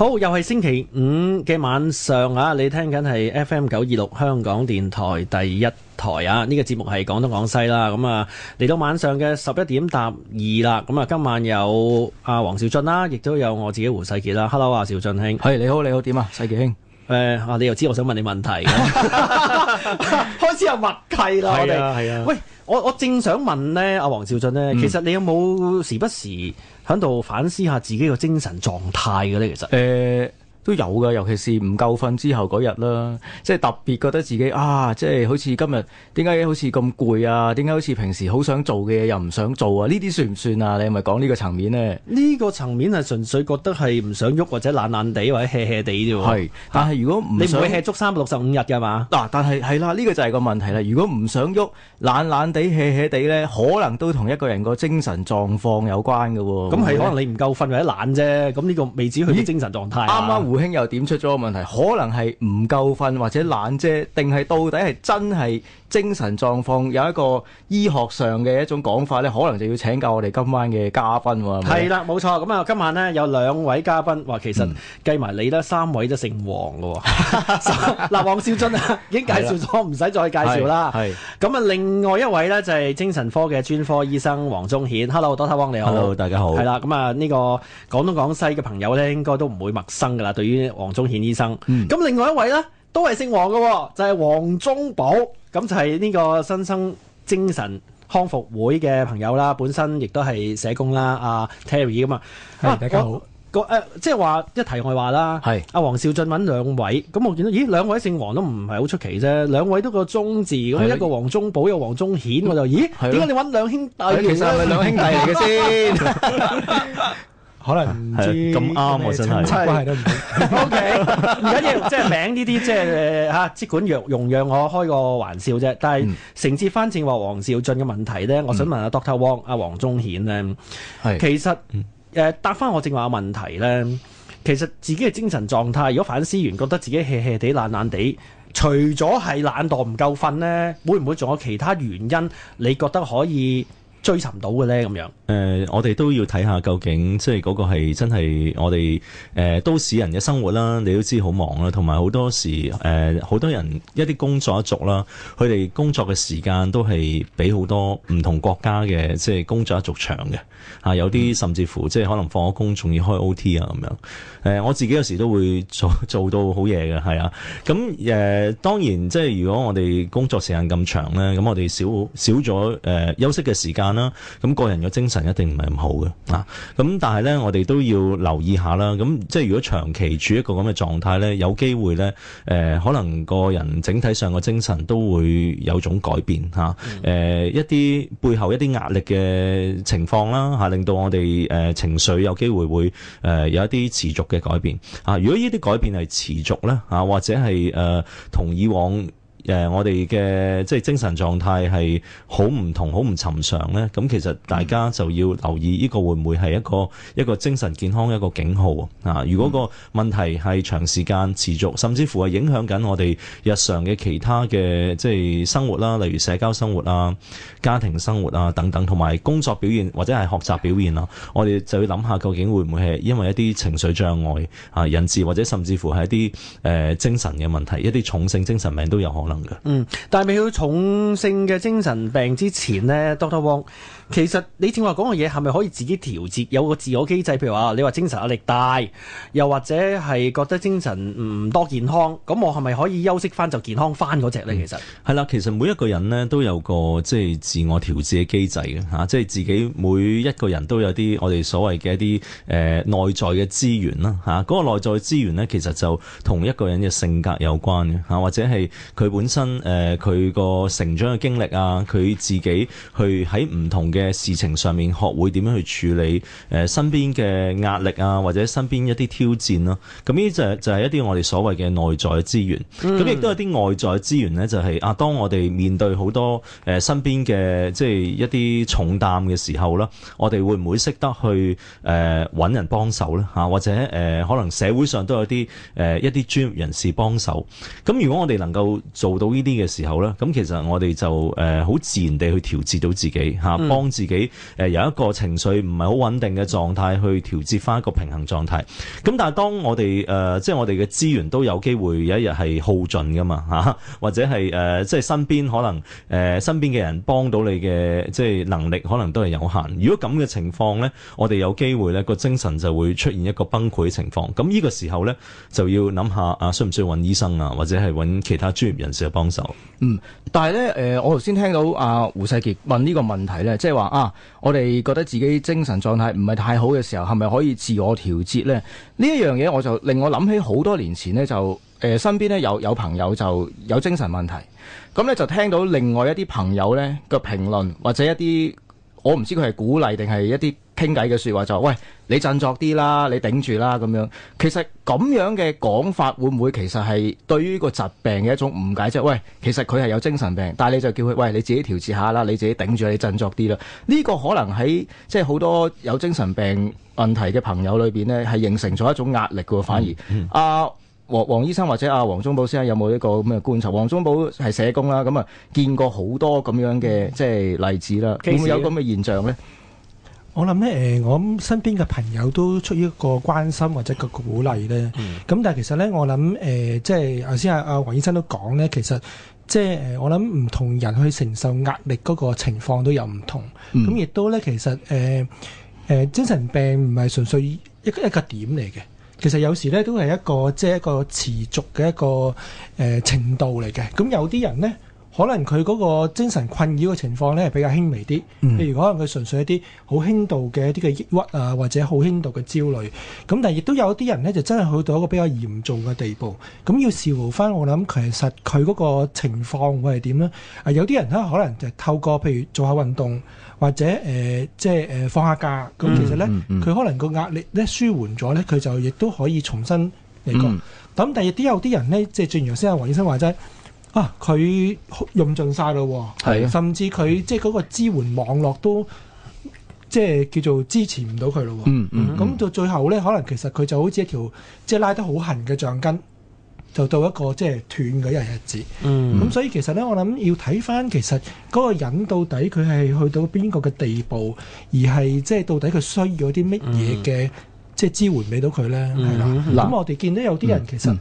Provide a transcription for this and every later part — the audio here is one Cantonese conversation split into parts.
好，又係星期五嘅晚上啊！你聽緊係 FM 九二六香港電台第一台啊！呢、這個節目係廣東廣西啦，咁啊嚟到晚上嘅十一點答二啦！咁、嗯、啊今晚有阿、啊、王兆俊啦，亦都有我自己胡世傑啦。 Hello 啊，兆俊兄，係你好，你好點啊，世傑兄？誒、呃、啊，你又知我想問你問題？ 開始有默契啦，我哋係啊，喂。我我正想問咧，阿王兆俊咧，其實你有冇時不時喺度反思下自己個精神狀態嘅咧？其實。都有㗎，尤其是唔夠瞓之後嗰日啦，即係特別覺得自己啊，即係好似今日點解好似咁攰啊？點解好似平時好想做嘅嘢又唔想做啊？呢啲算唔算啊？你係咪講呢個層面咧？呢個層面係純粹覺得係唔想喐或者懶懶地或者 hea hea 地啫喎。係，但係如果唔你唔會 hea 足三百六十五日㗎嘛？嗱，但係係啦，呢個就係個問題啦。如果唔想喐、懶懶地、hea hea 地咧，可能都同一個人個精神狀況有關嘅喎。咁係可能你唔夠瞓或者懶啫。咁呢個未止佢啲精神狀態。啱啱。胡兄又點出咗個問題？可能係唔夠瞓，或者懶啫，定係到底係真係？精神狀況有一個醫學上嘅一種講法咧，可能就要請教我哋今晚嘅嘉賓喎。係啦，冇錯。咁、嗯、啊，今晚咧有兩位嘉賓，話其實計埋你咧、嗯，三位都姓黃嘅。嗱，王兆俊啊，已經介紹咗，唔使再介紹啦。係。咁啊，另外一位咧就係精神科嘅專科醫生黃宗顯。Hello，Doctor Wong，你好。Hello，大家好。係啦，咁、嗯、啊，呢、這個廣東廣西嘅朋友咧，應該都唔會陌生噶啦。對於黃宗顯醫生，咁、嗯、另外一位咧。都係姓黃嘅，就係、是、黃宗保，咁就係呢個新生精神康復會嘅朋友啦，本身亦都係社工啦，阿、啊、Terry 咁、啊、嘛，大家好，個、啊、誒，即係話一題外話啦，係阿王兆俊搵兩位，咁我見到，咦，兩位姓黃都唔係好出奇啫，兩位都個宗字，咁一個黃宗保，一個黃宗顯，我就咦，點解你搵兩兄弟？其實係兩兄弟嚟嘅先。 可能唔知咁啱，我真係關係都唔知。O K，唔緊要，即、就、係、是、名呢啲即係嚇，即、就是、管容讓我開個玩笑啫。但係、嗯、承接翻正話王兆俊嘅問題咧、嗯，我想問阿 Doctor Wong、啊、阿黃宗顯咧，係其實誒、嗯、答翻我正話嘅問題咧，其實自己嘅精神狀態，如果反思完覺得自己 heahea 地、懶懶地，除咗係懶惰唔夠瞓咧，會唔會仲有其他原因？你覺得可以？追尋到嘅咧，咁樣誒我哋都要睇下究竟，即係嗰個係真係我哋誒、呃、都市人嘅生活啦。你都知好忙啦，同埋好多時誒好、呃、多人一啲工作一族啦，佢哋工作嘅時間都係比好多唔同國家嘅即係工作一族長嘅嚇、啊。有啲甚至乎即係可能放咗工仲要開 OT 啊，咁樣誒、呃、我自己有時都會做做到好夜嘅，係啊。咁誒、呃、當然即係、就是、如果我哋工作時間咁長咧，咁我哋少少咗誒、呃、休息嘅時間。啦，咁個人嘅精神一定唔係咁好嘅，啊，咁但係咧，我哋都要留意下啦，咁、啊、即係如果長期處於一個咁嘅狀態咧，有機會咧、呃，可能個人整體上嘅精神都會有種改變、啊呃、一啲背後一啲壓力嘅情況啦、啊、令到我哋、呃、情緒有機會會、呃、有一啲持續嘅改變，啊，如果呢啲改變係持續咧、啊、或者係同、呃、以往。誒、呃，我哋嘅即係精神狀態係好唔同、好唔尋常咧。咁其實大家就要留意呢個會唔會係一個一個精神健康嘅一個警號啊？啊，如果個問題係長時間持續，甚至乎係影響緊我哋日常嘅其他嘅即係生活啦、啊，例如社交生活啊、家庭生活啊等等，同埋工作表現或者係學習表現啊，我哋就要諗下究竟會唔會係因為一啲情緒障礙啊、人質或者甚至乎係一啲誒、呃、精神嘅問題，一啲重性精神病都有可能。嗯，但係未去到重性嘅精神病之前咧，Doctor Wong。其實你正話講嘅嘢係咪可以自己調節，有個自我機制？譬如話你話精神壓力大，又或者係覺得精神唔多健康，咁我係咪可以休息翻，就健康翻嗰隻咧？其實係啦，其實每一個人咧都有個即係自我調節嘅機制嘅吓，啊，即係自己每一個人都有啲我哋所謂嘅一啲誒內在嘅資源啦吓，嗰個，啊，嗰個內在資源咧其實就同一個人嘅性格有關嘅吓，啊，或者係佢本身誒佢個成長嘅經歷啊，佢自己去喺唔同嘅。嘅事情上面，學會點樣去處理誒身邊嘅壓力啊、嗯，或者身邊一啲挑戰啦。咁呢就就係一啲我哋所謂嘅內在資源。咁亦都有啲外在資源咧，就係啊，當我哋面對好多誒身邊嘅即係一啲重擔嘅時候啦，我哋會唔會識得去誒搵人幫手咧？吓或者誒可能社會上都有啲誒一啲專業人士幫手。咁如果我哋能夠做到呢啲嘅時候咧，咁其實我哋就誒好自然地去調節到自己吓幫。自己誒有、呃、一個情緒唔係好穩定嘅狀態，去調節翻一個平衡狀態。咁但係當我哋誒、呃、即係我哋嘅資源都有機會有一日係耗盡噶嘛吓、啊，或者係誒、呃、即係身邊可能誒、呃、身邊嘅人幫到你嘅即係能力可能都係有限的。如果咁嘅情況咧，我哋有機會咧，個精神就會出現一個崩潰嘅情況，咁呢個時候咧就要諗下啊，需唔需要揾醫生啊，或者係揾其他專業人士嘅幫手？嗯，但係咧誒我頭先聽到阿、啊、胡世杰問呢個問題咧，即即係話、啊，我哋覺得自己精神狀態唔係太好嘅時候，係咪可以自我調節呢？呢一樣嘢我就令我諗起好多年前咧，就、呃、誒身邊咧有有朋友就有精神問題，咁咧就聽到另外一啲朋友咧嘅評論或者一啲。我唔知佢係鼓勵定係一啲傾偈嘅說話，就話，喂，你振作啲啦，你頂住啦咁樣。其實咁樣嘅講法會唔會其實係對於個疾病嘅一種誤解？即係喂，其實佢係有精神病，但係你就叫佢喂，你自己調節下啦，你自己頂住，你振作啲啦。呢個可能喺即係好多有精神病問題嘅朋友裏邊呢，係形成咗一種壓力嘅、嗯，反而啊。嗯黃黃醫生或者阿黃宗保先生有冇一個咁嘅觀察？黃宗保係社工啦，咁啊見過好多咁樣嘅即係例子啦，會唔會有咁嘅現象呢？我諗呢、呃，我諗身邊嘅朋友都出於一個關心或者個鼓勵咧。咁、嗯、但係其實呢，我諗誒、呃，即係頭先阿阿黃醫生都講呢，其實即係、呃、我諗唔同人去承受壓力嗰個情況都有唔同。咁、嗯、亦都呢，其實誒、呃呃、精神病唔係純粹一一個點嚟嘅。其實有時咧都係一個即係、就是、一個持續嘅一個誒程度嚟嘅，咁有啲人咧。可能佢嗰個精神困擾嘅情況咧係比較輕微啲，譬、嗯、如可能佢純粹一啲好輕度嘅一啲嘅抑鬱啊，或者好輕度嘅焦慮，咁但係亦都有啲人呢，就真係去到一個比較嚴重嘅地步，咁要視乎翻我諗其實佢嗰個情況會係點呢？啊有啲人呢，可能就透過譬如做下運動，或者、呃、即係、呃、放下假，咁其實呢，佢、嗯、可能個壓力咧舒緩咗呢，佢就亦都可以重新嚟過。咁、嗯、但係亦都有啲人呢，即係正如頭先阿黃醫生話齋。啊！佢用盡晒咯，甚至佢即係嗰個支援網絡都即係、就是、叫做支持唔到佢咯。嗯，咁、嗯嗯、到最後咧，可能其實佢就好似一條即係、就是、拉得好痕嘅橡筋，就到一個即係、就是、斷嘅一日日子。嗯，咁所以其實咧，我諗要睇返其實嗰個人到底佢係去到邊個嘅地步，而係即係到底佢需要啲乜嘢嘅即係支援俾到佢咧。係、嗯、啦，咁、嗯、我哋見到有啲人其實。嗯嗯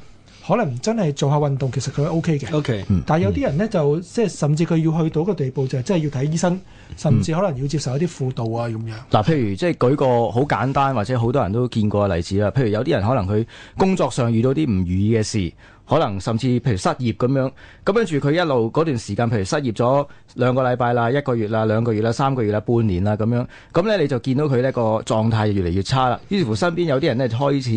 可能真係做下運動，其實佢 O K 嘅，okay. mm-hmm. 但有啲人呢，就即係甚至佢要去到一個地步，就係真係要睇醫生，甚至可能要接受一啲輔導啊咁樣。嗱，譬如即係舉個好簡單或者好多人都見過嘅例子啦，譬如有啲人可能佢工作上遇到啲唔如意嘅事。可能甚至譬如失業咁樣，咁跟住佢一路嗰段時間，譬如失業咗兩個禮拜啦、一個月啦、兩個月啦、三個月啦、半年啦咁樣，咁呢，你就見到佢呢個狀態越嚟越差啦。於是乎身邊有啲人呢，開始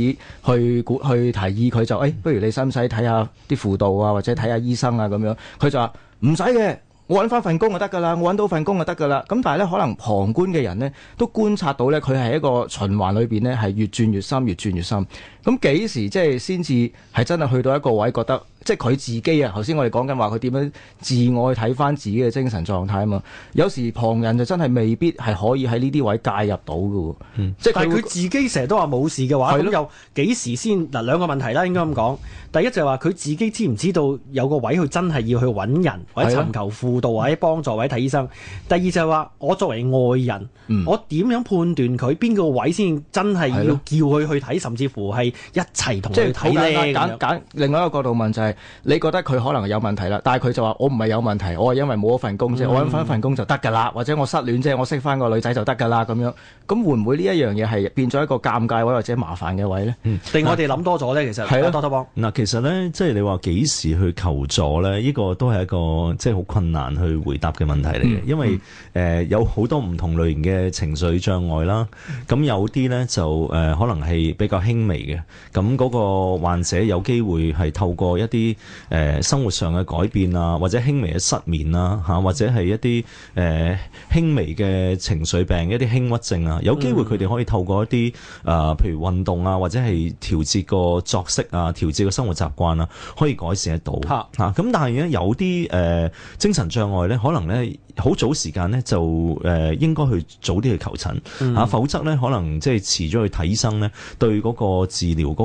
去鼓去提議佢就誒、哎、不如你使唔使睇下啲輔導啊，或者睇下醫生啊咁樣？佢就話唔使嘅，我揾翻份工就得㗎啦，我揾到份工就得㗎啦。咁但係呢，可能旁觀嘅人呢，都觀察到呢，佢係一個循環裏面呢，係越轉越深，越轉越深。咁幾時即係先至係真係去到一個位覺得，即係佢自己啊？頭先我哋講緊話佢點樣自我去睇翻自己嘅精神狀態啊嘛。有時旁人就真係未必係可以喺呢啲位介入到㗎喎、嗯。即係但係佢自己成日都話冇事嘅話，咁有幾時先嗱兩個問題啦，應該咁講。第一就係話佢自己知唔知道有個位佢真係要去揾人或者尋求輔導或者幫助位睇醫生。第二就係話我作為外人，嗯、我點樣判斷佢邊個位先真係要叫佢去睇，甚至乎係。一齊同佢睇咧。揀揀另外一個角度問就係，你覺得佢可能有問題啦，但係佢就話：我唔係有問題，我係因為冇咗份工啫，我揾翻一份工就得㗎啦，或者我失戀啫，我識翻個女仔就得㗎啦。咁樣，咁會唔會呢一樣嘢係變咗一個尷尬位或者麻煩嘅位咧？定我哋諗多咗咧，其實係啊，多得多。嗱，其實咧，即係你話幾時去求助咧？呢個都係一個即係好困難去回答嘅問題嚟嘅，因為誒有好多唔同類型嘅情緒障礙啦。咁有啲咧就誒可能係比較輕微嘅。咁、那、嗰個患者有機會係透過一啲誒、呃、生活上嘅改變啊，或者輕、呃、微嘅失眠啊，吓，或者係一啲誒輕微嘅情緒病、一啲輕鬱症啊，有機會佢哋可以透過一啲誒、呃，譬如運動啊，或者係調節個作息啊，調節個生活習慣啊，可以改善得到吓。咁、啊、但係咧有啲誒、呃、精神障礙咧，可能咧好早時間咧就誒、呃、應該去早啲去求診吓、啊，否則咧可能即係遲咗去睇醫生咧，對嗰個自治療嗰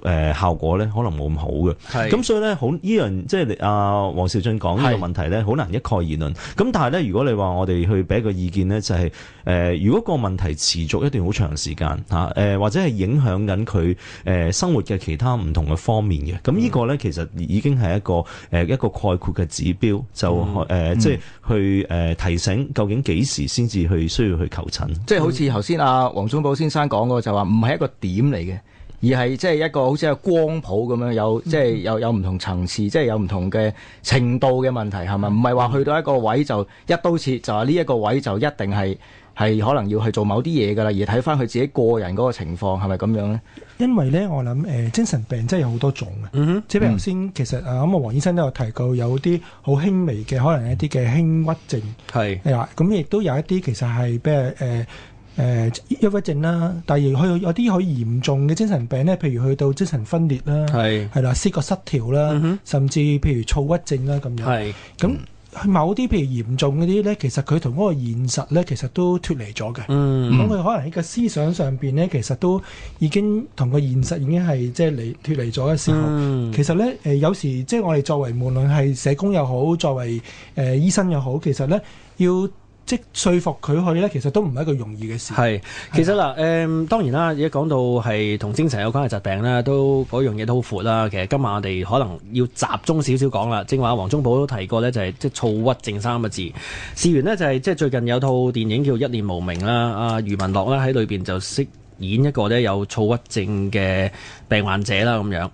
個誒效果咧，可能冇咁好嘅。係，咁所以咧，好呢樣即係阿王兆俊講呢個問題咧，好難一概而論。咁但係咧，如果你話我哋去俾一個意見咧，就係、是、誒、呃，如果個問題持續一段好長時間吓，誒、啊呃、或者係影響緊佢誒生活嘅其他唔同嘅方面嘅，咁呢個咧、嗯、其實已經係一個誒、呃、一個概括嘅指標，就誒、嗯呃、即係、嗯、去誒、呃、提醒究竟幾時先至去需要去求診。即係好似頭先阿黃宗保先生講嘅，就話唔係一個點嚟嘅。而係即係一個好似一個光譜咁樣，有即係有有唔同層次，即係有唔同嘅程度嘅問題，係咪？唔係話去到一個位就一刀切，就話呢一個位就一定係係可能要去做某啲嘢噶啦，而睇翻佢自己個人嗰個情況係咪咁樣呢？因為咧，我諗、呃、精神病真係有好多種即嗯哼，即係頭先、嗯、其實啊，咁啊，黃醫生都有提過有啲好輕微嘅，可能一啲嘅輕鬱症係，咁亦都有一啲其實係誒抑鬱症啦，但係亦可有啲好嚴重嘅精神病咧，譬如去到精神分裂啦，係係啦，思覺失調啦，嗯、甚至譬如躁鬱症啦咁樣。係咁，某啲譬如嚴重嗰啲咧，其實佢同嗰個現實咧，其實都脫離咗嘅。咁、嗯、佢可能喺個思想上面咧，其實都已經同個現實已經係即係離脫離咗嘅時候。嗯、其實咧、呃、有時即係我哋作為無論係社工又好，作為誒、呃、醫生又好，其實咧要。即係說服佢去呢，其實都唔係一個容易嘅事。係，其實嗱，誒、嗯、當然啦，而家講到係同精神有關嘅疾病啦，都嗰樣嘢都好闊啦。其實今晚我哋可能要集中少少講啦。正話，黃宗保都提過呢，就係即係躁鬱症三個字。事緣呢，就係即係最近有套電影叫《一念無名》啦，阿、啊、余文樂啦喺裏邊就飾演一個咧有躁鬱症嘅病患者啦咁樣。